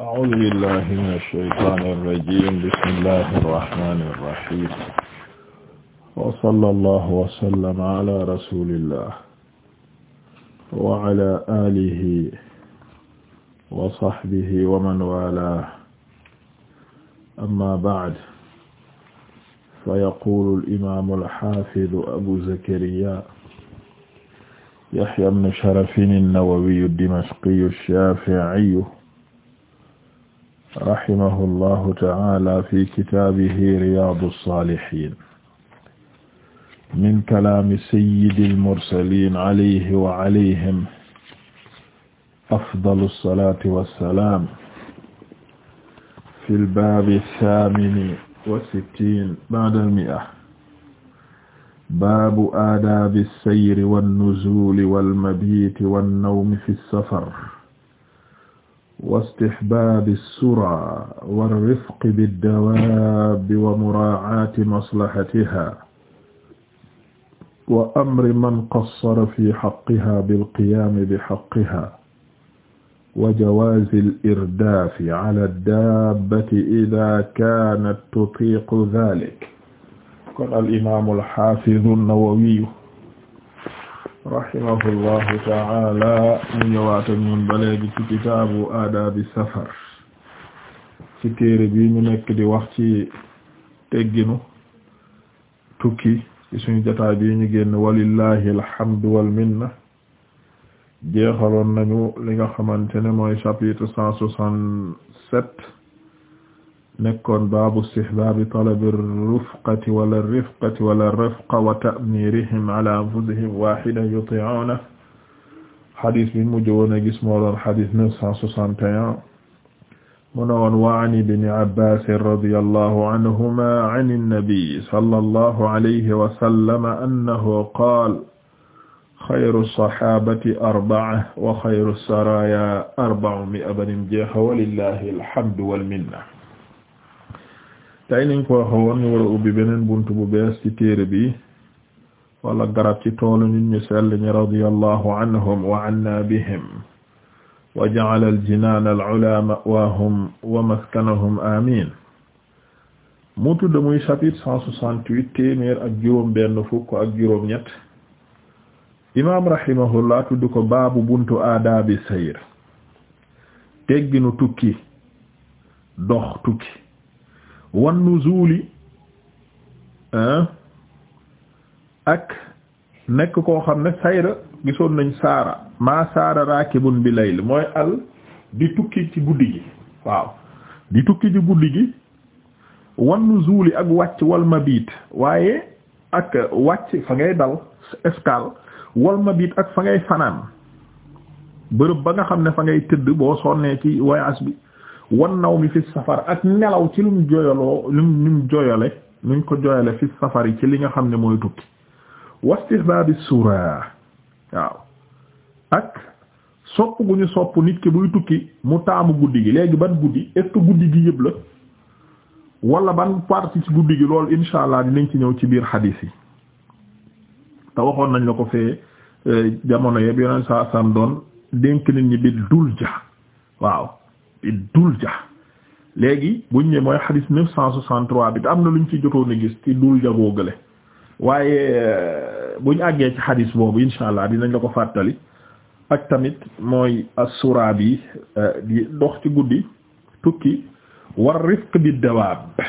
أعوذ بالله من الشيطان الرجيم بسم الله الرحمن الرحيم وصلى الله وسلم على رسول الله وعلى آله وصحبه ومن والاه أما بعد فيقول الإمام الحافظ أبو زكريا يحيى بن شرف النووي الدمشقي الشافعي rahimahu llahu ta'ala fi kitaabihi riyaadu saalihiin min kalaami sayyidil mursaliin alayhi wa alayhim afdalu salaati wa salaam fil baabi saamini wa sittiin ba'dal mi'a baabu aadaabi sayri wan nuzuuli wal mabiiti wan nawmi fi safar واستحباب السرى والرفق بالدواب ومراعاة مصلحتها وأمر من قصر في حقها بالقيام بحقها وجواز الإرداف على الدابة إذا كانت تطيق ذلك قال الإمام الحافظ النووي rahimahullahu taala mu ñëwaat ak ñun ba léegi ci kitaabu aadaabi safar ci téere bi ñu nekk di wax ci tegginu tukki ci suñu jotaay bi ñu génn walillahi alhamdu wal minna jeexaloon nañu li nga xamante ne mooy chapitre cent soixante-sept nekkoon baabu istihbaabi talabi rufqati wala rifqati wala rafqa wa ta'miirihim ala anfusihim waahidan yuti'uunahu xadis bi mu jëwoon a gis moo doon xadis 961 mu ne woon wa an ibni Abbaas radiyallahu anhumaa an an-nabi sallallahu alayhi wa sallam annahu qaala xayru saxaabati arba'a wa xayru saraaya arba'u mi'a banin jeexa walillahi alhamdu wal minna tey niñ ko waxe woon beneen buntu bu bees ci téere bi wala garab ci toolu nit ñu sell ñi radiyallahu anhum wa anna bihim wa ja'ala al al-'ulaa ma'waahum wa maskanahum amiin mu tudd muy chapitre cent soixante-huit téeméer fukk ak juróom ñett imaam rahimahullah tudd ko baabu buntu aadaabi sayr tegginu tukki dox tukki wan nuzuli ak nekk koo xam ne sayra gisoon nañ saara maa saara raakibun bi layl mooy al di tukki ci guddi gi waaw di tukki ci guddi gi wan nuzuli ak wàcc walma biit waaye ak wàcc fa ngay dal escale walma biit ak fa ngay fanaan bërëb ba nga xam ne fa ngay tëdd boo sonnee ci voyage bi wan naw mi fi safar ak nelaw ci lum joyaloo lum lum joyale nuñ ko joyale fi safar yi ci li nga xam ne mooy tukki wastihbaabi sura waaw ak sopp gu ñu sopp nit ki buy tukki mu taamu guddi gi léegi ban guddi est guddi gi yëpp la walla ban partie guddi gi loolu insha allah dinañ ci ñëw ci biir xadiis yi te waxoon nañ la ko fee eh, jamono yëpp yoneen saa doon dénk nit ñi bi dul ja waaw Dulja léegi buñ ne mooy xadis neuf cent trois bi te am na lu ñu ci jotoon a gis ci Dulja googale waaye euh, buñ àggee ci xadis boobu insha allah dinañ la ko fàttali ak tamit mooy as-Surabi euh, di dox ci guddi tukki war rifq bi dawaab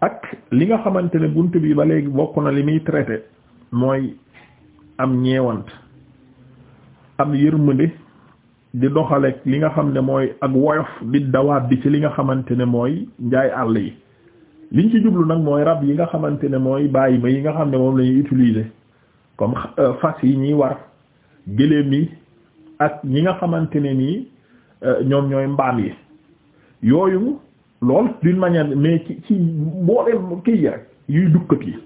ak li nga xamante ne bunt bi ba léegi bokk na li muy traité mooy am ñeewant am yërmande di doxaleek li nga xam ne mooy ak woyof di dawaat bi ci li nga xamante ne mooy njaay àll yi liñ ci jublu nag mooy rab yi nga xamante ne mooy bàyyi ma yi nga xam ne moom lañuy utiliser comme euh, fas yi ñuy war gëléem yi ak ñi nga xamante ne nii euh, ñoom ñooy mbaam yi yooyu lool d'une manière mais ci ci mbooleem kii yi rek yuy dukkat yi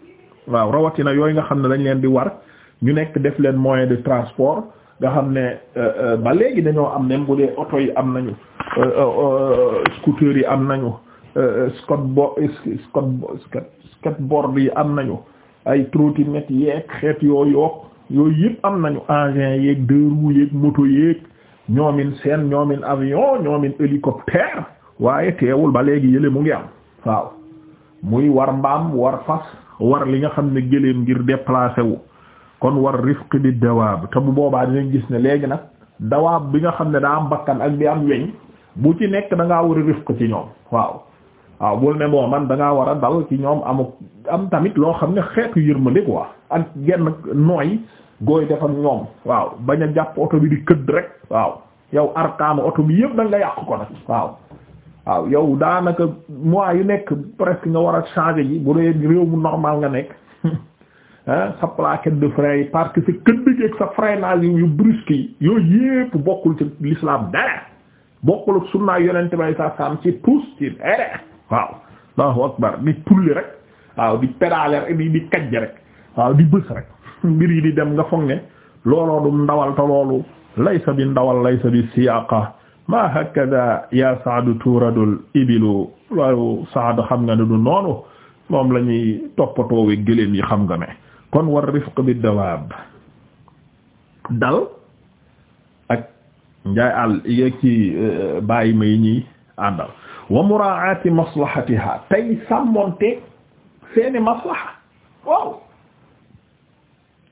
waaw rawatina yooyu nga xam ne dañ leen di war ñu nekk def leen moyen de transport nga xam ne euh, euh, ba léegi dañoo am même bu dee oto yi am nañu euh, scooters yi am nañu skateboard skateboard yi am nañu ay trottinette yeeg xeet yoo yoog yooyu yëpp am nañu engin yeeg deux roues yeeg moto yeeg ñoomin seen ñoomin avion ñoomin hélicoptère waaye teewul ba léegi yële mu ngi am waaw muy war mbaam war fas war li nga xam ne gëléem ngir déplacer wu kon war rifqi bi dawaab te bu boobaa dinañ gis ne léegi nag dawaab bi nga xam ne daa am bakkan ak bi am weñ bu ci nekk da ngaa war a rifq ci ñoom waaw waaw bul ne bon man da ngaa war a dal ci ñoom am am tamit loo xam ne xeetu yërmande quoi ak genn nooy gooy def ak ñoom waaw bañ a jàpp oto bi di këdd rek waaw yow arkaanu oto bi yëpp da nga yàq ko nag waaw waaw yow daanaka mois yu nekk presque nga war a changer ji bu dee réew mu normal nga nekk sa plaquette de frein yi parce que sa këddgeeg sa freinage yu brusque yi yooyu yépp bokkul ci lislaam dara bokkul ak sunnaa yonente bay sa sam ci tous ci dara waaw Allahu akbar di tulli rek waaw di pédaler rek di di kajj rek waaw di bës rek mbir yi di dem nga foog ne looloo dum ndawal te loolu laysa bi ndawal laysa bi siyaqa ma hakada ya saadu turadul ibilu loolu saadu xam nga ne du noonu moom la ñuy toppatoowe gëléem yi xam nga ne kon war rifq bi dawaab dal ak njaay àll yeeg ci euh, bàyyi ma yi ñuy àndal wa muraati maslahatiha tey sàmmonte seeni maslaha waaw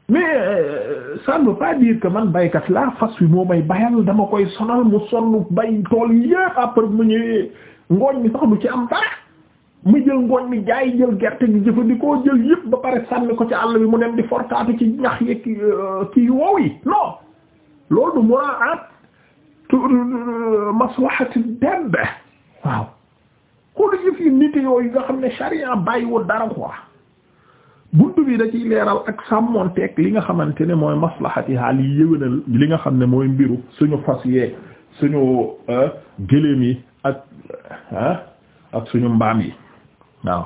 mais euh, ça ne veut man baykat laa fas wi moo bay tool yépp après mu ñëwee ngooñ mi sax du ci am dara mu jël ngooñ mi jaay jël gerte gi jëfandikoo jël yëpp ba pare sànni ko ci àll bi mu dem di fortaatu ci ñax yeeg euh, kii wow yi non loolu muraat tu maslahati debb waaw xool yëf yi nit yooyu nga xam ne sharia bàyyiwul dara quoi buntu bi da ciy leeral ak sàmmonteeg li nga xamante ne mooy maslahati haal yi yëwénal li nga xam ne mooy mbiru suñu fas yeeg suñu euh, gëléem yi ak euh, ah, ak suñu mbaam yi waaw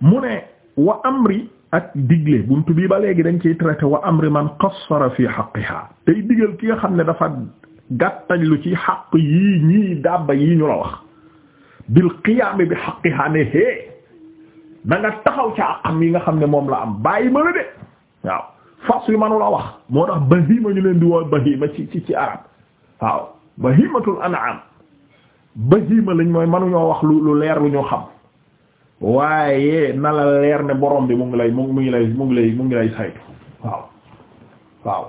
mu ne wa amri ak digle bunt bii ba léegi dañ ciy traité wa amri man qassara fi haqqiha tey digal ki nga xam ne dafa gàttañ lu ci xaq yi ñii dàbba yii ñu la wax bil qiyaami bi haqqiha ne hee na taxaw ca àqam yi nga xam ne moom la am bàyyi ma la de waaw fas yu manu wax moo tax bahima ñu leen di woo bahima ci ci ci arab waaw bahimatul an'am bahima lañ mooy mënuñoo wax lu leer lu ñu xam waaye na la leer ne borom bi mu ngi lay mu ngi lay mu ngi lay mu saytu waaw waaw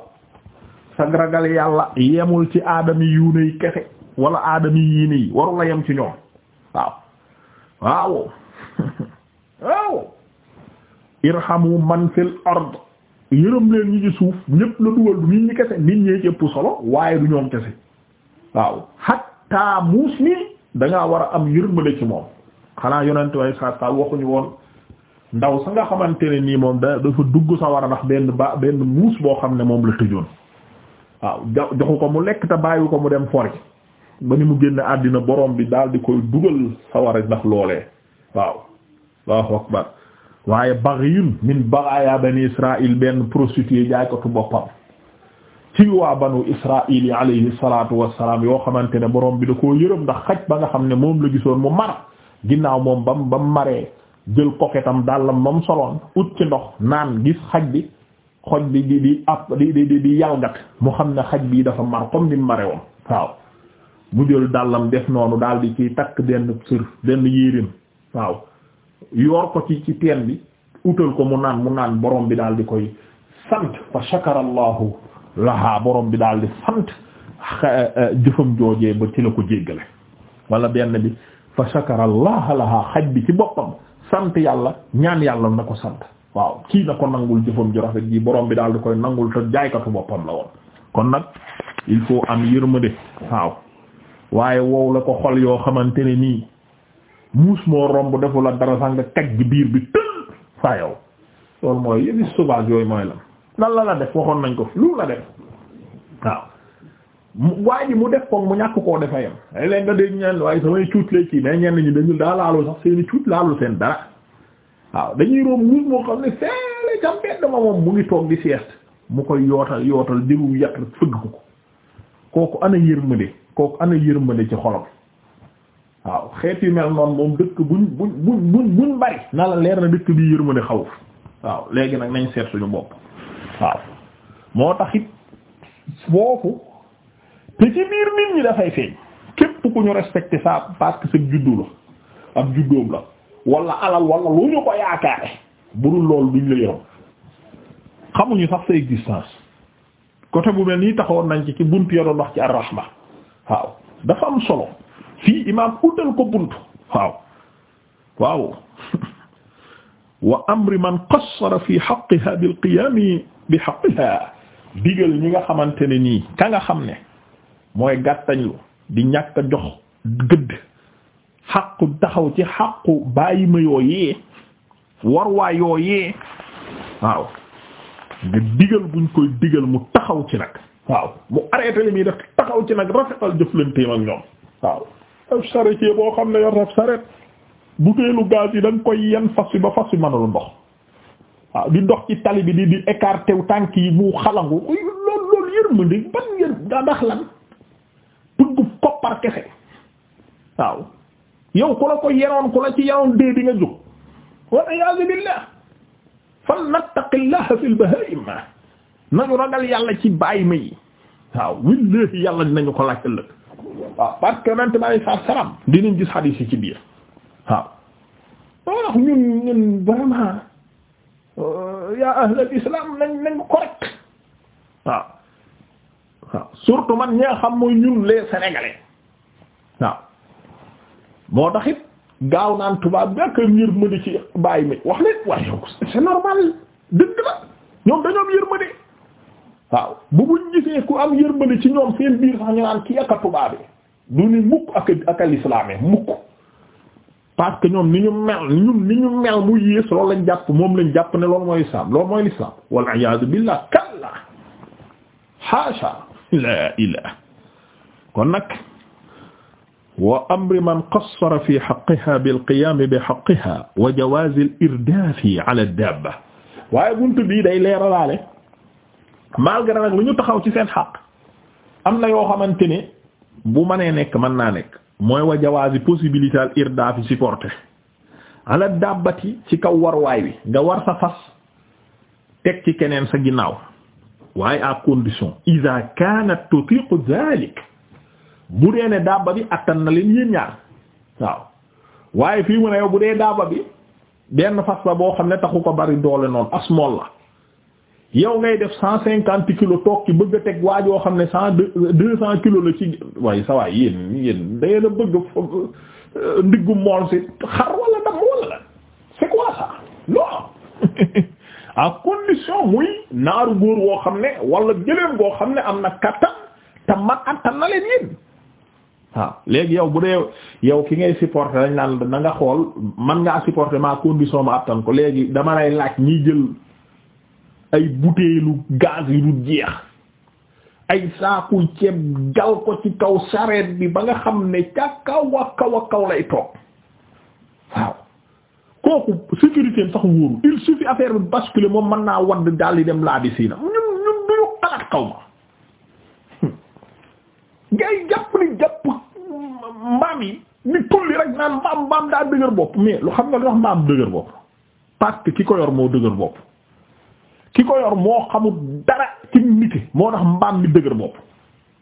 sag ragal yàlla yemul ci aadami yuune yi kese wala aadami yiine yi waru la yem ci ñoom waaw waaw waaw irhamu man fil ard yërëm leen ñi ci suuf ñépp la dugal du nit ñi kese nit ñee ci solo waaye du ñoom kese waaw xat taamuus mi dangaa war a am yërmande ci moom xanaa yonent way sa sa waxuñu woon ndaw sa nga xamante ne nii moom da dafa dugg sa war a ndax benn ba benn muus boo xam ne moom la tëjoon waaw joxu ko mu lekk te bàyyi ko mu dem fori ba ni mu génn àddina borom bi daal di koy dugal sawara ndax loolee waaw allahu akbar waaye baghiyun min baghaya bani israil benn prostituée jaay ko tu boppam ci waa banu israil yi alayhi salatu wasalaam yoo xamante ne borom bi da koo yërëm ndax xaj ba nga xam ne moom la gisoon mu mar ginnaaw moom bam bam maree jël koketam dàllam bam soloon ut ci ndox naan gis xaj bi xoj bi di di app di di di yalgat mu xam ne xaj bi dafa mar comme ni mu mare woon waaw mu jël dàllam def noonu daal di ciy takk benn sër benn yéeréem waaw yoor ko ci ci teen bi utal ko mu naan mu naan borom bi daal di koy sant fa shakara lahaa borom bi daal di sant eh, eh, jëfam joojee ba ci la ko jéggale wala benn bi fa shakara allah lahaa xaj bi ci boppam sant yàlla ñaan yàlla na ko sant waaw kii na ko nangul jëfam ju rafet ji borom bi daal di koy nangul te jaaykatu boppam la woon kon nag il faut am yërmande waaw waaye wow la ko xol yoo xamante ne nii muus moo romb defu la dara sax kaj biir bi tël saa yow loolu mooy yëfi sauvage yooyu mooy la lan la la def waxoon nañ ko fi lu la def waaw waa ji mu def ko mu ñàkk koo defa yam ay leen nga dégg ñeen waaye samay cuut lay kii ñenn ñi dañu daa laalul sax seeni cuut laalul seen dara waaw dañuy room muus moo xam ne feele ca mbedd ma moom mu ngi toog di sieste mu koy yootal yootal jëgu yàq fëgg ko kooku ana yërmande kooku ana yërmande ci xolam waaw xeet yu mel noonu moom dëkk buñ buñ buñ bari na leer na dëkk bi yërmande xawuf waaw léegi nag nañ seet suñu bopp waaw moo taxit foofu te ci biir nit ñi dafay feeñ képp ku ñu respecté ça parce que sa juddu la ab juddoom la wala alal wala lu ñu ko yaakaare budul loolu duñ la yoroon xamuñu sax sa existence côté bu me nii taxawoon nañ ci ci buntu ya doon ci ar-rahma waaw dafa am solo fii imaam utal ko buntu waaw waaw wa amri man qassara fi haqqiha bil qiyam bi haqqiha digal ñi nga xamante ne nii ka nga xam ne mooy gàttañlu di ñàkk a jox gëdd xaqu taxaw ci xaqu bàyyi ma yoo yee war waaw nga digal buñ koy digal mu taxaw ci nag waaw mu arrêté li muy def taxaw ci nag rafetal jëflanteem ak ñoom waaw af charetier boo xam ne yor raf saret butéelu gaz yi da nga koy yenn fas wi ba fas wi mënul ndox waaw di ndox ci tali bi di di écarté wu tànk yi bu xalangu loolu loolu yërmande ban yër ndax lan bëggu kese waaw yow ku la ko yeroon ku la ci yeroon dee di nga jóg wal iyaazu billah fal nattaqillaha fil bahaim nañu ragal yàlla ci bàyyi ma yi waaw wallahi yàlla dinañu ko laaj ëllëg waaw parce que nante bi alei dinañ gis hadith yi ci biir waaw woo ñun ñun vraiment Euh, yaa ahlal islam nañ nañ correct waaw waaw surtout man ñaa xam mooy ñun les sénégalais waaw moo taxit gaaw naan tubaab bi ak yërmande ci bàyyi mi wax leen waaye yow c'est normal dëgg la ñoom dañoo am yërmande waaw bu buñ gisee ku am yërmande ci ñoom seen biir sax ñu naan kii ak a tubaab bi du ni mukk ak ak al islaamee mukk parce que ñoom ni ñu mel ñun ni ñu mel mu yées loolu lañ jàpp moom lañ jàpp ne loolu mooy islam loolu mooy l'islam wal iyaadu billah kalla haasha la ilah kon nag wa amri man qassara fi haqqiha bil qiyam bi haqqiha wa jawaz al irdaafi ala dabba waaye buntu bii day leeralaale malgré nag lu ñu taxaw ci seen xaq am na yoo xamante ne bu mënee nekk mën naa nekk mooy wa jawaazi possibilité al irda fi supporté ala dàbbati ci kaw warwaay wi nga war sa fas teg ci keneen sa ginnaaw waaye à condition iza kanat tutiqu zalik bu dee ne dabba bi attan na leen yéen ñaar waaw waaye fii mu ne yow bu dee dabba bi benn fas la boo xam ne taxu ko bari doole noonu asmool yow ngay def cent cinquante kilos toog ci bëgg a teg waa joo xam ne cent deux cent kilos la ci waaye sa waay yéen yéen da ngeen a bëgg euh, ndiggu mool si xar wala dam wala la c'est quoi ça non à condition muy naaru góor woo xam ne walla jëleen goo xam ne am na kattan te man attan na leen yéen waaw léegi yow bu dee yow ki ngay supporter lañ naan na xool man ngaa supporter ma condition ma attan ko léegi dama lay laaj ñiy jël ay butéelu gaz yu du jeex ay saakuy ceeb gal ko ci kaw sareet bi ba nga xam ne ca kaw a kaw a kaw lay toog waaw kooku sécurité sax wóoru il suffit affaire bi basculer moom mën naa wadd daal di dem laa bi siina ñun ñun duñu xalaat kaw ma hmm. ngay jàpp ni jàpp mbaam yi ni tulli rek naan mbaam mbaam daa dëgër bopp mais lu xam nga lu tax mbaam dëgër bopp parce que ki ko moo dëgër bopp ki ko yor moo xamut dara ci nit moo tax mbaam mi dëgër bopp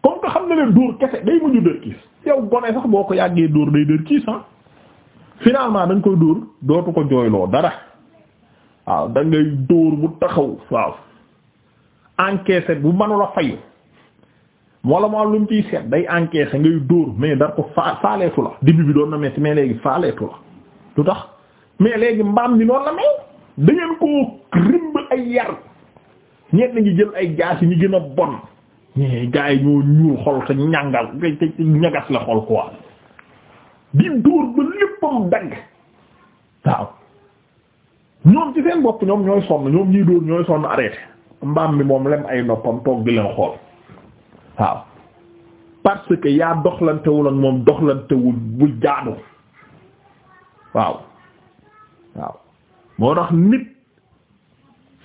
comme que xam na leen dóor kese day mujju dër kiis yow gone sax boo ko yàggee dóor day dër kiis ah finalement dañ koy dóor dootu ko jooyloo dara waaw da ngay dóor bu taxaw waaw encaissé bu manula fayu wala moo am lu mu ciy seet day encaissé ngay dóor mais dar ko fa faaleetu la début bi doon na metti mais léegi faaleetu la lu tax mais léegi mbaam mi noonu la mel da ngeen koo rimb ay yar ñenn ñi jël ay jaasi ñi gën a bon ñi eh, gaa yi ñoo ñuul xol te ñàngal te ñagas la xol quoi di dóor ba léppam dagg waaw ñoom ci seen bopp ñoom ñooy sonn ñoom ñii dóor ñooy sonn arrêté mbaam mi moom lem ay noppam toog di leen xool waaw parce que yaa doxlantewul moom doxlantewul bu jaadu waaw waaw moo tax nit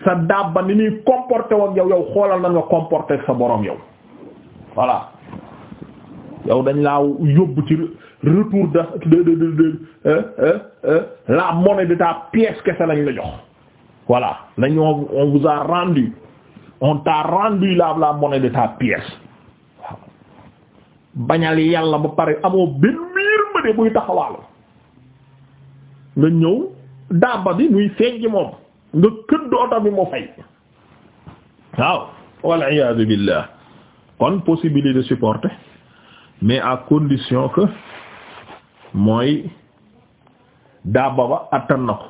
sa dabba ni muy comporté woon yow xoolal na nga comporté sa boroom yow voilà yow dañ laa yóbbu ci retour de de de de la monnaie pièce kese lañ la jox voilà lañ on vous a rendu on t'a rendu la la monnaie de ta pièce waaw bañal yàlla ba pare amoo benn miir ma de buy taxawal nga ñëw. daaba bi muy feeñ ci moom nga këdd oto bi mu fay waaw wal iyaadu billah kon possibilité de mais à condition que mooy daaba ba attan na ko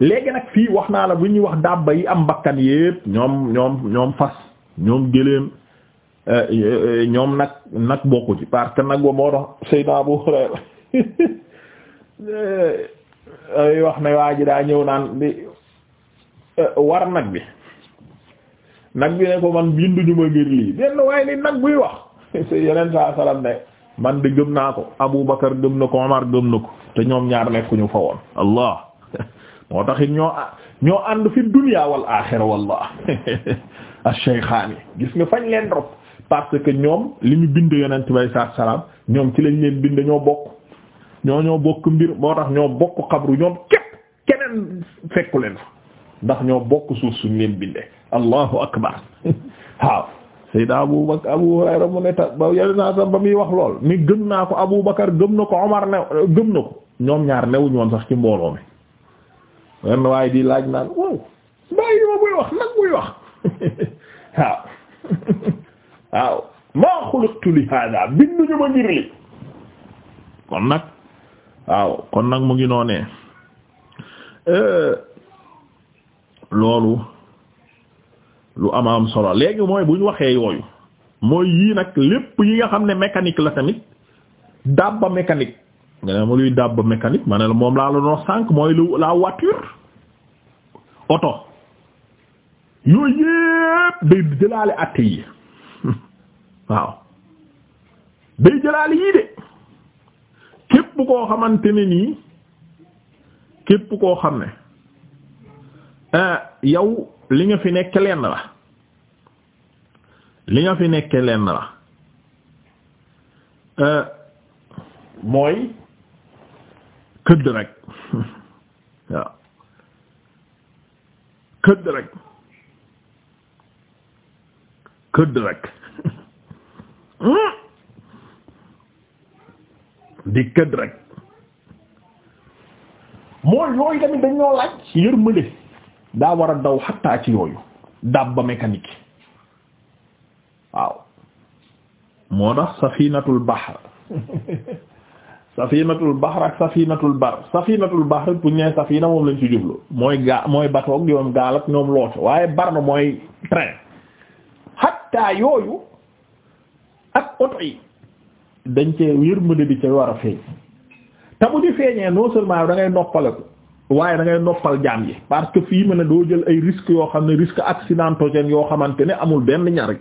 léegi nag fii wax naa la bu ñuy wax daaba yi am bakkan yépp ñoom ñoom ñoom fas ñoom gëléem eh, eh, ñoom nag nag bokku parce que nag ba moo tax Seydina Abu Hurayra eh, wax ne waa ji daa ñëw naan eh, war nag bi nag bi ne ko man binduñu ma ngir lii benn waaye ni nag buy wax yeneen saa salaam ne man di gëm naa ko Abu Bakar gëm na ko Omar gëm na ko te ñoom ñaar nekkuñu fa woon allah moo taxit ñoo ànd fi dunya wal axira wallah ash-shaykhaani gis nga fañ leen rob parce que ñoom li ñu bind yonent bay sa salaam ñoom ci lañ leen bind ñoo bokk ñoo ñoo bokk mbir moo tax ñoo bokk xabru ñoom képp keneen fekku leen fa ndax ñoo bokk suuf suñ leen bindee allahu akbar waaw sayda abu bakar abu hurayra mu ne ta ba muy wax lool ni gëm naa ko abu bakar gëm na ko omar ne gëm na ko ñoom ñaar newuñ ñoon sax ci mbooloo mi wenn waaye di laaj naan wow bàyyi ma buy wax nag buy wax waaw waaw maa xuliqtu li hada binduñu ma ngir li kon nag waaw kon nag mu ngi noonee loolu lu ama am solo léegi mooy bu ñu waxee yooyu mooy yii nag lépp yi nga xam ne mécanique la tamit dabba mécanique nga ne ma luy dabba mécanique ma ne la moom laa la doon sànq mooy lu la voiture oto yooyu yépp day jëlaale àtte yi waaw day jëlaale yii de képp koo xamante ne nii képp koo xam ne ah, yow li nga fi nekk lenn la li nga fi nekk lenn la ah, mooy këdd rek waaw këdd rek këdd rek hmm? di këd rek mooy yooyu tamit dañoo laaj yërmande daa war a daw xattaa ci yooyu dabba mécanique waaw moo tax safinatul bahr safinatul bahr ak safinatul bar safinatul bahr rek bu ñu moom lañ ci jublu mooy gaa mooy bateau ak gaal ak ñoom loote waaye bar na mooy train xattaa yooyu ak oto yi dañ cee yërmande bi ca war a feeñ te bu ñu feeñee non seulement da ngay noppaleku waaye da ngay noppal jaam yi parce que fii mu ne doo jël ay risques yoo xam ne risque accidentogène yoo xamante ne amul benn ñaar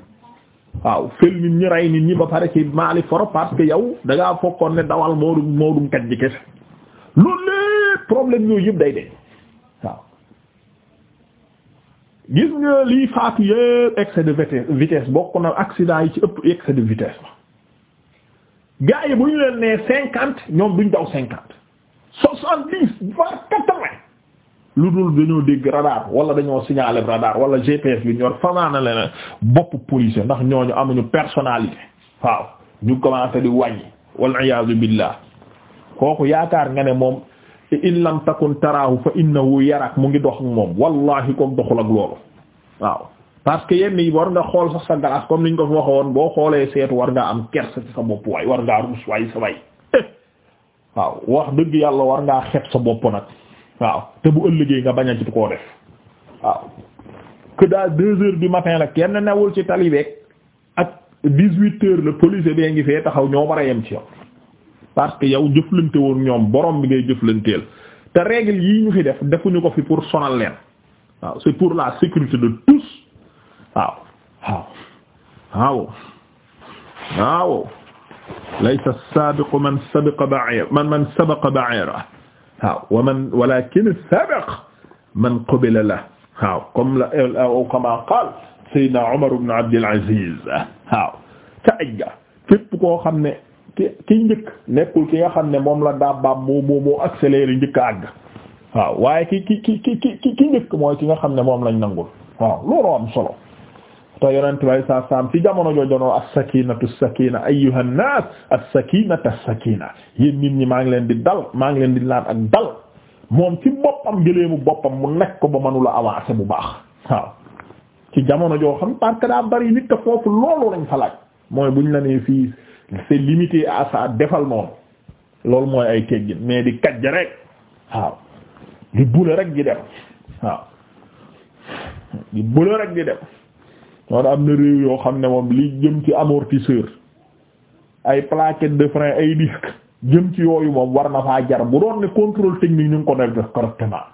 waaw fël nit ñi rey nit ñi ba pare ci maali foro parce que yow da ngaa fokkoon ne dawal moodu moodum kat ji kese loolu lépp problème yooyu yëpp day de waaw gis nga liy faatu yëpp excès de vitesse bokk na accident yi ci ëpp excès vitesse gaa yi bu ñu leen nee cinquante ñoom duñ daw cinquante soixante-dix voire quatre-vingts lu dul dañoo dégg radar wala dañoo signaler radar wala GPS bi ñor famaana leen bopp police ndax ñooñu amuñu personnalité waaw ñu commencé di wàññi wal iyaazu billah kooku yaakaar nga ne moom in lam takun taraahu fa innahu yarak mu ngi dox ak moom wallahi kook doxul ak loolu waaw parce que yenn yi war nga xool sax sa glace comme niñ ko fi waxoon boo xoolee seetu war ngaa am kersa ci sa bopp waay war ngaa ruus waay sa waay waaw wax dëgg yàlla war ngaa xeeb sa bopp nag waaw te bu ëllëgee nga bañ a ci koo def waaw que daal deux heures du matin la kenn newul ci tali ak dix-huit heures la policier bee ngi fee taxaw ñoo war a yem ci yow parce que yow jëflante woon ñoom borom bi ngay jëflanteel te règle yii ñu fi def defuñu ko fi pour sonal leen waaw pour la sécurité de tous waaw waaw waaw laysa as-saabiqu man sabaqa ba'iirahu man man sabaqa ba'iirahu waaw wa man walaakin as-saabiqu man qubila lahu waaw comme la aw euh, kama qaala Seydina Umar ibn Abd al-Aziz waaw ca ajja képp koo xam ne ki ki njëkk nekkul ki nga xam ne moom la dabbaam moo moo moo accéléré njëkk àgg waaw waaye ki ki ki ki ki njëkk mooy ki nga xam ne moom lañ nangul waaw loolu am solo te yonent bay saa saam ci jamono joojoonoo as-sakinatu as-sakina ayyuha an-nas as-sakinatu as-sakina yéen nit ñi maa ngi leen di dal maa ngi leen di laan ak dal moom ci boppam gëleemu boppam mu nekk ko ba mënula avancer bu baax waaw ci jamono joo xam parce daa bari nit te foofu loolu lañ fa laaj mooy buñ la nee fii c'est limité à ça defal noonu loolu mooy ay teggin mais di kajj rek waaw di bule rek gi dem waaw di bule rek di dem noonu am na réew yoo xam ne moom li jëm ci amortisseur ay plaquettes de frein ay disque jëm ci yooyu moom war na faa jar bu doon ne contrôle technique ñu ngi ko def correctement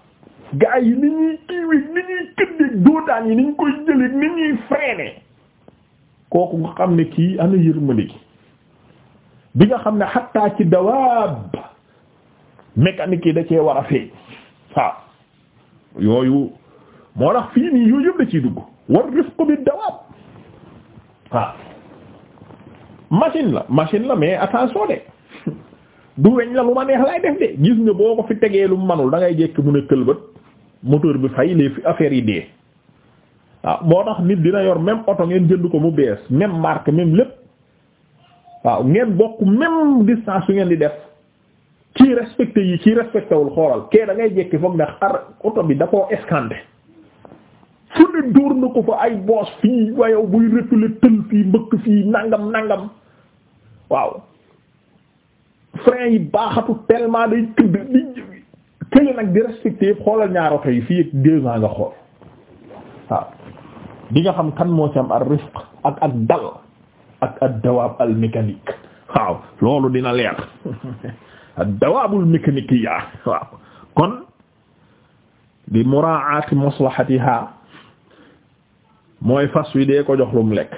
gars yi ni ñuy kiiwee ni dootaan yi ni ñu koy jëlee ni ñuy freiner kooku nga xam ne kii ana yërmande bi nga xam ne xattaa ci dawaab mécanique yi da cee war a feeñ yooyu moo tax fii nii yooyu yëpp la ciy dugg. war rifqu bi dawaab waaw machine la machine la mais attention de du weñ la lu ma neex lay def de gis nga boo ko fi tegee lu manul da ngay jekk mu ne këlbët moteur bi fay fi affaires yi dee waaw moo tax nit dina yor même oto ngeen jënd ko mu bees même marque même lépp waaw ngeen bokk même distance yu ngeen di def ci respecté yi ci respecté wul xoolal kee da ngay jekki foog ne xar oto bi dafoo koo fu ne dóor na ko fa ay boos fii wayow buy reculer tël fii mbëkk fii nangam nangam waaw frein yi baaxatu tellement day këdd di kële di respecté xoolal ñaar oto fii ak deux ans nga xool waaw xam kan moo ci rifq ak ak dal ak ad dawaab al mécanique waaw loolu dina leer ad dawaabul mécanique yaa waaw kon bi muraa'ati maslahatiha mooy fas wi dee ko jox mu lekk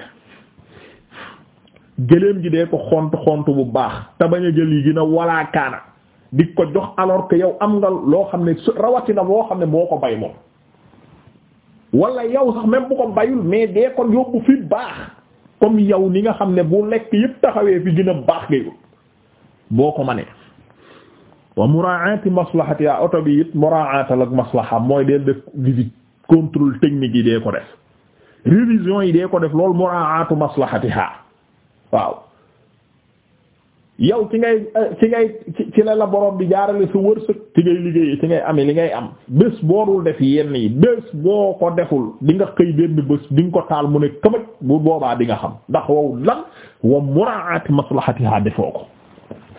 gëléem gi dee ko xont xont bu baax te bañ a jël yi gën a walaa kaana di ko jox alors que yow am nga loo xam ne rawatina boo xam ne boo ko bay moom wala yow sax même bu ko bayul mais dee ko yóbbu fi baax comme yow ni nga xam ne bu lekk yëpp taxawee fi gën a baax ngay boo ko manee wa muraati maslahati a ah, oto bi it muraatal ak maslaha mooy dee dëkk visite contrôle technique yi dee ko def révision yi dee ko def loolu muraatu maslahatiha waaw yow ci ngay ci ngay ci la la borom bi jaarale su wërsëg ci ngay liggéey ci ngay amee li ngay am bés boo dul def yenn yi bés boo ko deful di nga xëy benn bés di nga ko taal mu ne këmëj bu boobaa di nga xam ndax wow lan wa muraati maslahatiha defoo ko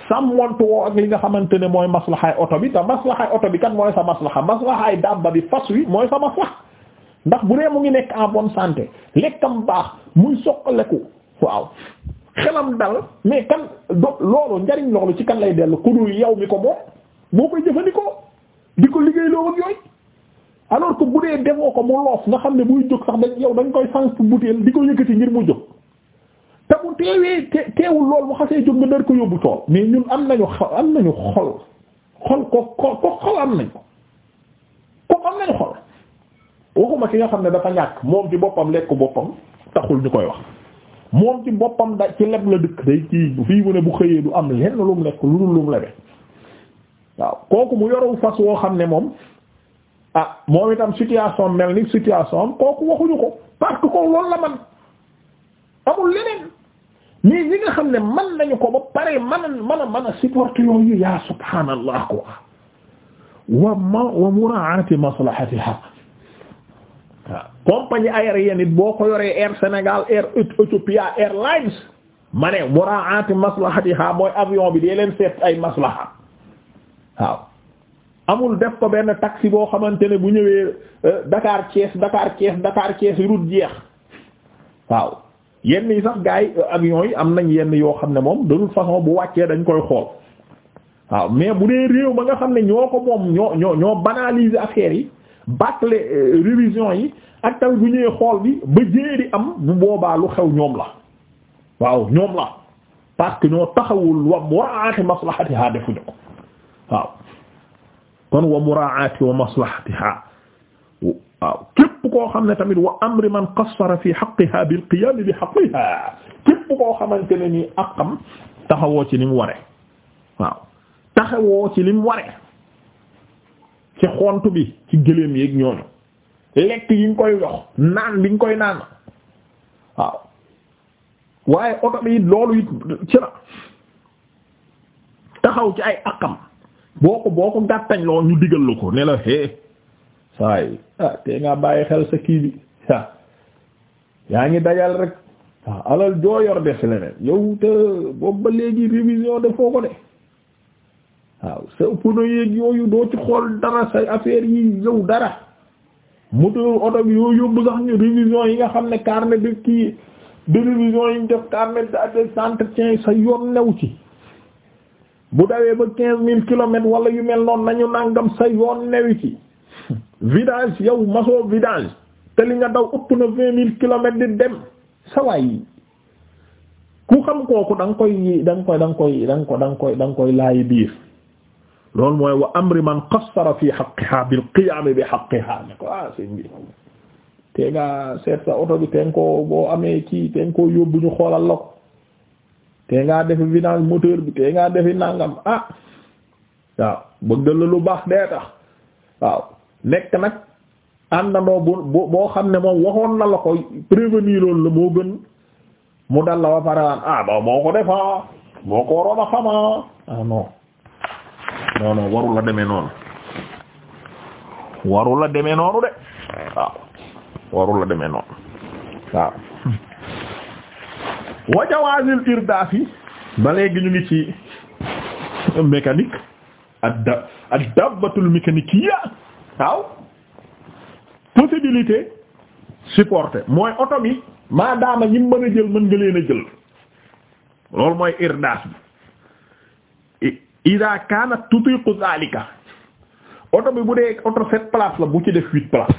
sàmmontu woo ak li nga xamante ne mooy maslahaay oto bi te maslahaay oto bi kan mooy sa maslaha maslahaay dabba bi fas wi mooy sa maslaha ndax bu dee mu ngi nekk en bonne santé lekkam baax muy soqaleku waaw xelam dal mais kan do loolu njariñ loolu ci kan lay dellu ku dul yow mi ko moom boo koy jëfandikoo di ko liggéey loo ak yooyu alors que bu dee defoo ko mu loof nga xam ne muy jóg sax dañ yow dañ koy sànq butéel di ko yëkkati ngir mu jóg te mu teewee teewul lool bu xasee jóg nga dër ko yóbbu tool mais ñun am nañu am nañu xol xol ko ko ko xol am nañ ko ko am nañu xol waxuma ki nga xam ne dafa ñàkk moom ci boppam lekk boppam taxul ñu koy wax moom ci boppam da ci leb la dëkk day kii fii mu ne bu xëyee du am lenn lu mu lekk lu dul lu mu lebe waaw kooku mu yorewu fas woo xam ne moom ah moom itam situation mel ni situation am kooku waxuñu ko parce que ko la man amul leneen mais ñi nga xam ne man nañu ko ba pare man a man a man a yaa subhaanallah quoi wa ma wa muraati maslahatiha waaw compagnie aérienne it boo ko yoree Air Sénégal Air Ethiopia Airlines ma ne muraati maslahatiha mooy avion bi dee leen seet ay maslaha waaw amul def ko benn taxi boo xamante ne bu ñëwee euh, Dakar Thiès Dakar Thiès Dakar Thiès route jeex waaw yenn yi sax gars yi euh, avion yi am nañ yenn yoo xam ne moom de toute façon bu wàccee dañ koy xool waaw mais bu dee réew ma nga xam ne ñoo ko moom ñoo ñoo ñoo banaliser affaire yi bâcle euh, révision yi ak tamit bu ñëwee bi ba di am bu boobaa lu xew ñoom la waaw ñoom la parce ñoo taxawul wa muraati maslahatiha defuñu ko waaw kon wa muraati wa maslahatiha waaw képp koo xam ne tamit wa amri man qassara fi haqqiha bil qiyam bi haqqiha képp koo xamante ne nii akam taxawoo ci li ware waaw ci li ware ci xont bi ci gëléem yeeg ñooñu lekk yiñ koy jox naan bi koy naan waaw waaye oto bi it loolu it ci la taxaw ci ay akam boo ko boo ko gàttañ lool ñu digal la ko ne la hee saa yi ah bàyyi xel sa kii bi yaa ngi dajal rek waaw alal joo yor def leneen yow te boobu ba léegi révision defoo ko de waaw sa pono yeeg yooyu doo ci xool dara say affaire yi yëw dara moto oto bi yooyu yóbbu sax ñu révision yi nga xam ne carnet de kii de révision yi ñu def carnet d'entretien sa yoon new ci bu dawee ba quinze mille kilomètres wala yu mel noonu nañu nàngam sa yoon new ci vidange yow masoo vidange te li nga daw ëpp na vingt mille kilomètres di dem sa ku xam kooku da nga koy da nga koy da nga koy da nga koy da koy da koy laay biir loolu mooy wa amri man qassara fi haqqiha bil qiyaam bi haqqiha ne ko ah sëñ bi te nga seet sa oto bi te koo boo amee kii te nga koo yóbbu ñu xoolal la ko te ngaa defi vidange moteur bi te ngaa defi nangam ah waaw bëggal la lu baax dee tax waaw nekk nag àndandoo bu boo xam ne moom waxoon na la ko prévenir loolu la moo gën mu dal la ba pare ah moo ko defaa moo ko waroon a xamaa ah non. non non waru demee noonu warula la demee noonu de waaw waru la demee noonu waaw wa jawaazil irdaaf yi ba léegi ñu ngi ci mécanique adda addabatul mécanique waaw possibilité supporter mooy oto bi maadaama ñi mën a jël mën nga leen a jël loolu mooy irdaas bi ida kanat tutiqu zalika oto bi bu dee oto sept places la bu ci def huit places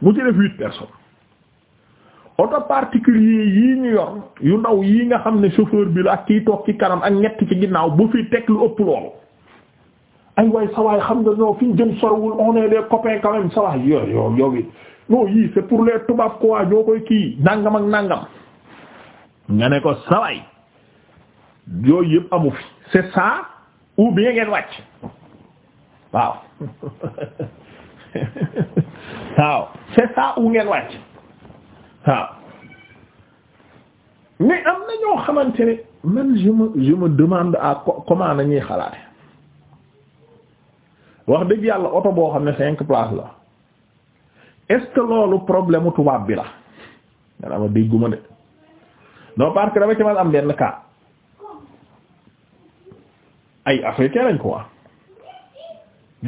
bu ci def huit personnes oto particulier yii ñu yor yu ndaw yii nga xam ne chauffeur bi la ak kiy toog ci kanam ak ñett ci ginnaaw bu fi teg lu ëpp loolu ay waay sawaay xam nga ñoo fi jën jëm sorowul on est des copains quand sawaay yo yo yow c'est pour les tubaab quoi ñoo koy kii nangam ak nangam nga ne ko sawaay yooyu yëpp amu fi c'est ça ou bien ngeen wàcc waaw waaw c'est ça ou ngeen wàcc waaw mais am na ñoo xamante ne man je me je me demande à comment nañuy xalaate wax dëgg yàlla oto boo xam ne cinq places la est-ce que loolu problème tubaab bi la nga ma dégguma de non parce que dama ci man am benn cas ay africain lañ quoi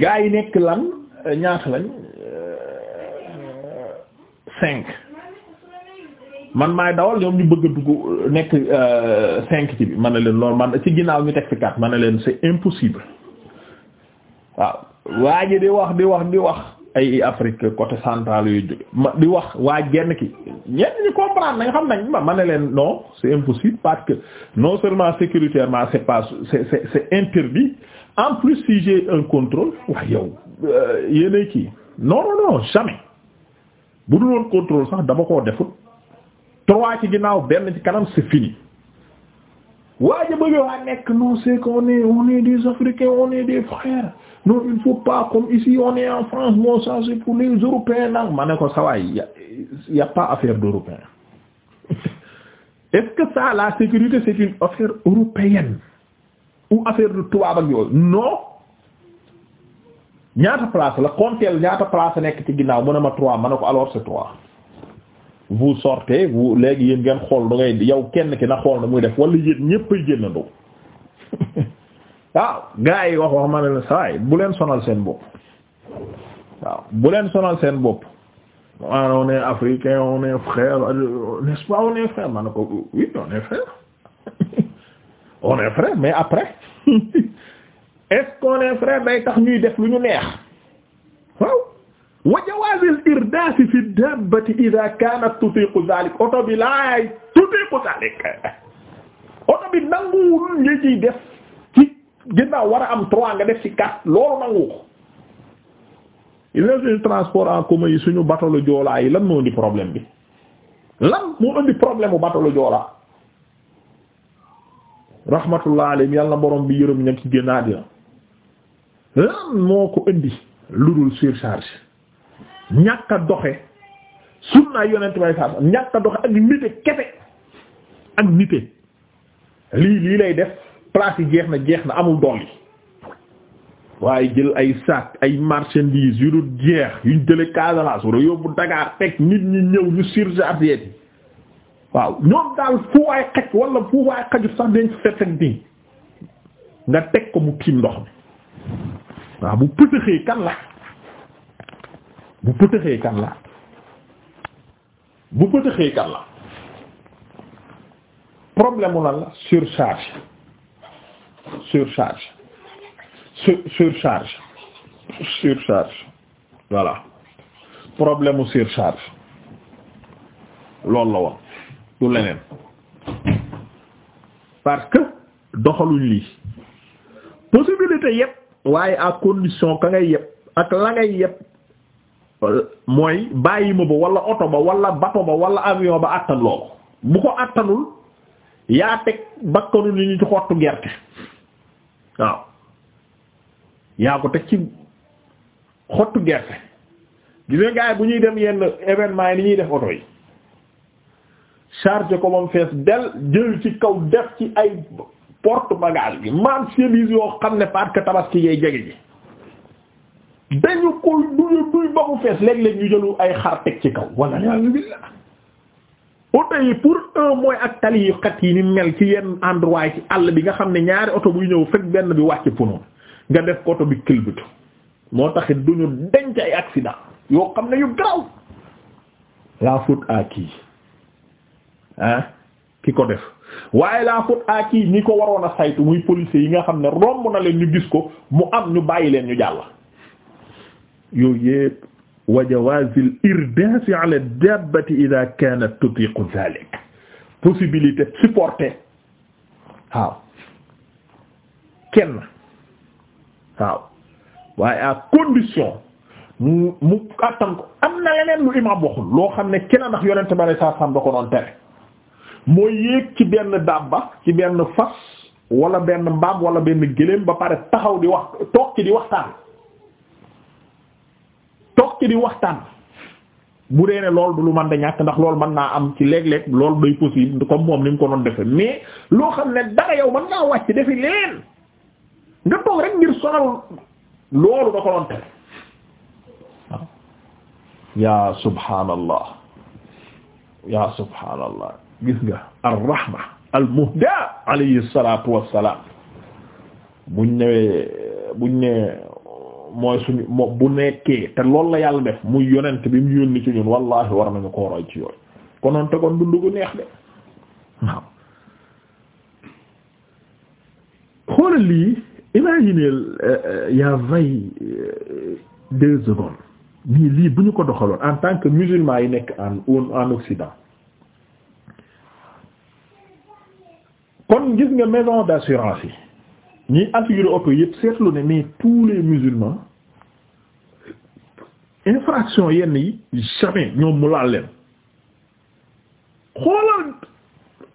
gaa yi nekk lan euh, ñaax lañ euh, cinq man maay dawal ñoom ñu bëgg a dugg euh, nekk cinq ci bi man na leen loolu man ci ginnaaw ñu teg fi quatre man na leen c'est impossible waaw waa ji di wax di wax di wax ay Afrique côté centrale yooyu jóge ma di wax waa genn ki ñenn ñu comprendre na xam nañ ma ma ne leen non c'est impossible parce que non seulement sécuritairement c'est pas c'est c'est c'est interdit en plus si un contrôle waaye yow euh, yéenay kii non non non jamais bu dul woon contrôle sax dama koo defut trois ci ginnaaw benn ci kanam c'est fini waa ja bëgg waa nekk non c'est qu'on est on est des Africains on est des frères non il faut pas comme ici on est en France bon ça c'est pour les Européens nag ma ko sawaay y a pas affaire d'Européens est que ça la sécurité c'est une affaire européenne ou affaire de tubaab ak yooyu non ñaata place la compteel ñaata place nekk ci ginnaaw mu ne ma trois ma ne ko alors c'est trois vous sortez vous léegi yéen ngeen xool da ngay yow kenn ki na xool na muy def wala yéen ñépp ay génnandoo waaw gars yi wax wax ma ne leen sawaay bu leen sonal seen bopp waaw bu leen sonal seen bopp ah frère nest frère ma ne ko oui on mais après est-ce qu'on frère day tax ñuy def lu ñu neex wa jawaazil irdaasi fi dabbati idaa kaanat tutiiqu zaalik oto bi laay tutiiqu zaalik oto bi nanguwul nga ciy def ci ginnaaw war a am trois nga def ci quatre loolu nanguwu ko. transport en commun yi suñu bato la joolaa yi lan moo indi problème bi lan moo indi problème bu bato la joolaa. rahmatullah yàlla na borom bi yërëm ña ci génnaat dina lan moo ko indi ludul surcharge. ñàkk a doxe sunnaay yonent bay saab ñàkk doxe ak nite kese ak nite lii lii lay def place yi jeex na jeex na amul dool waaye jël ay sac ay marchandises yu dul jeex yuñ jële Casamance wala yóbbu Dakar teg nit ñi ñëw ñu surchargé yi waaw ñoom daal fu waay xaj wala fu waay xajut sax dañ fekk ak nii nga teg ko mu tiim ndox mi waaw bu pëtëxee kan la bu pëtëxee kan la bu pëtëxee kan la problème lan la surcharge surcharge sur surcharge surcharge voilà problème mu surcharge loolu la woon du leneen parce que doxaluñ lii possibilité yépp waaye ak condition ka ngay yépp ak la ngay yépp mooy bàyyi ma ba wala oto ba wala bato ba wala avion ba attan loolu bu ko àttanul yaa teg bakkanu ni ñu ci xottu gerte waaw yaa ko teg ci xottu gerte gis nga gaay bu ñuy dem yenn événement yi ni ñuy def oto yi charge ko moom fees jël ci kaw def ci ay porte bagage bi man service yoo xam ne parce que tabaski yay jege ji dañu koy duy duy ba mu fees léeg-léeg ñu jëlu ay xar teg ci kaw wala yalibillaa oto yi pour un mois ak yu xat yi ni mel ci yenn endroit àll bi nga xam ne ñaari oto buy ñëw fekk benn bi wàcc puno nga def ko bi këlbitu moo taxit duñu denc ay accident yoo xam ne yu ki ko def waaye laa faute à qui ñi ko waroon a saytu muy policiers yi nga xam ne romb na leen ñu gis ko mu am ñu bàyyi leen ñu jàll yooyu yëpp wa jawaazil irdaasi ala dabbati idaa kaanat tutiiqu zaalik possibilité supporter waaw kenn waaw waaye à condition mu mu am na leneen lu imaam waxul loo xam ne kenn ndax yonent ba ne saa sam da ko ci benn dabba ci benn fas wala benn mbaam wala benn gëléem ba pare taxaw di wax toog waxtaan toog ci di waxtaan bu dee ne loolu du lu mën da ñàkk ndax loolu mën naa am ci léeg-léeg loolu day possible comme moom ni mu ko doon defe mais loo xam ne dara yow mën ngaa wàcc defi leen nga toog rek ngir sonal loolu da ko doon tere subhaanallah yaa subhaanallah gis nga ar-rahma al-muhda alayhi salatu wassalam buñ ñëwee mooy suñu moo bu nekkee te loolu la yàlla def muy yonent bi mu yónni ci ñun wallahi war nañu koo roy ci yooyu konoon te kon dundu gu neex de waaw xoolal lii imagineel euh, euh, yaa vay euh, deux secondes nii lii bu ñu ko doxaloon en tant que musulman yi nekk en en Occident kon gis nga maison d'assurance yi ñiy assuré oto yëpp seetlu ne mais tous les musulmans infraction yenn yi jamais ñoom mu laal leen xoolal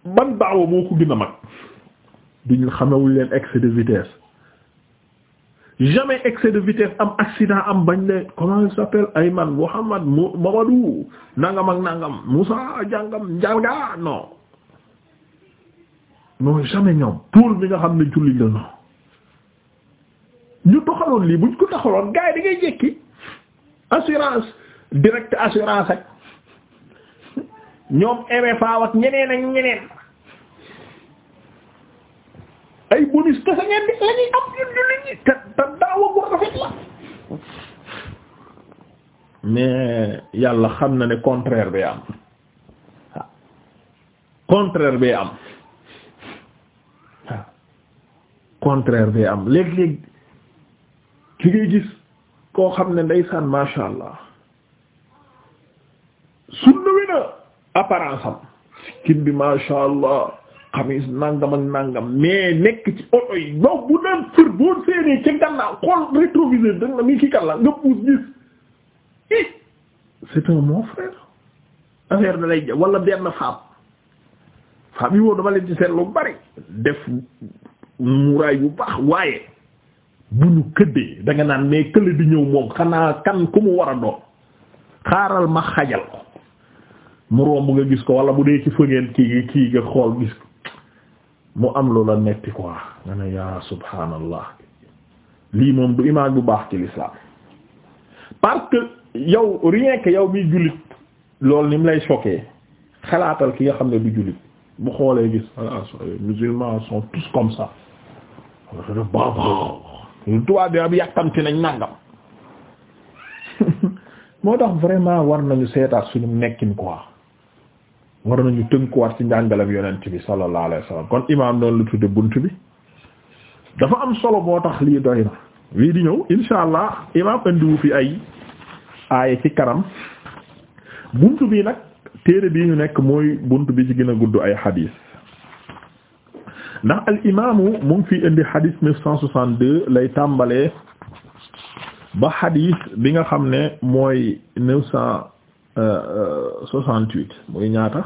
ban daawa moo ko gën a mag duñu xamewul leen excès de vitesse jamais excès de vitesse am accident am bañ leen comment il s'appelle Ayman Mohamed Mamadou nangam ak nangam Moussa jàngam njarga non non jamais ñoom pour bi nga xam ne julli la non ñu toxaloon lii buñ ko taxaloon gars yi da jekki assurance direct assurance ak ñoom MFA ak ñeneen ak ñeneen ay bonus kese ngeen di la ñuy am ñun ñun ñi te te rafet la. mais yàlla xam na ne contraire bi am contraire bi am contraire bi am léeg-léeg. ki ngay gis koo xam ne ndeysaan masha allah sunna wi na apparence am sikkin masha allah xamis nangam ak nangam mais nekk ci oto yi bu dem fër boo séenee ci gannaaw xool rétroviseur da nga mi ki kan la nga puus gis i c'est un mon frère affaire da lay wala benn femme femme yi woo dama leen ci lu bari def muraay bu baax waaye bu ñu këddee da naan mais kële di ñëw moom xanaa kan ku mu war a doon xaaral ma xajal mu romb nga gis ko wala bu dee ci fëngeen kii kii nga xool gis ko mu am lu la metti quoi nga ne yaa subhaanallah lii moom du image bu baax ci l'islam parce que yow rien que yow mi jullit loolu ni mu lay choqué xalaatal ki nga xam ne du jullit bu xoolee gis voilà ah, musulmans sont tous comme ça tubaab bi ab yàkkamti nañ nàngam moo tax vraiment war nañu seetaat suñu nekkin quoi war nañu tënkuwaat ci njàngalem yonent bi sallallahu alayhi wasallam kon imaam noonu lu tudde bunt bi dafa am solo moo tax lii doy na wii di ñëw insha allah imaam andiwu fi ay aaya ci kanam bunt bi nag téere bii ñu nekk mooy bunt bi ci gën a gudd ay xadiis ndax al imaamu mu ngi fi indi xadis 962 lay tàmbalee ba xadis bi nga xam ne mooy 968 muy ñaata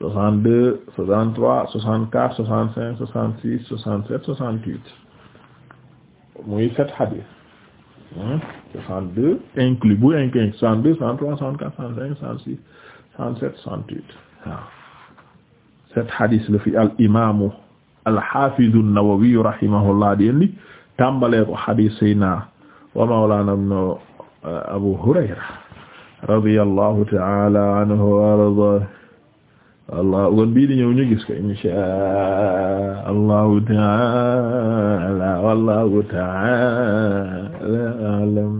62 63 64 65 66 67 68 muy sept xadis 62 hmm? inclus bu inclus 62 63 64 65 66 67 68 waaw. cet hadis la fi al imaamu al xaafizu an-Nawawi rahimahullah di indi tàmbalee ko hadis sayna wa mawlana ibn Abu Hurayra radiyallahu ta'ala anhu wa arda Allah gon bii di ñëw ñu gis ko inshaa Allahu ta'ala wallahu ta'ala a'lam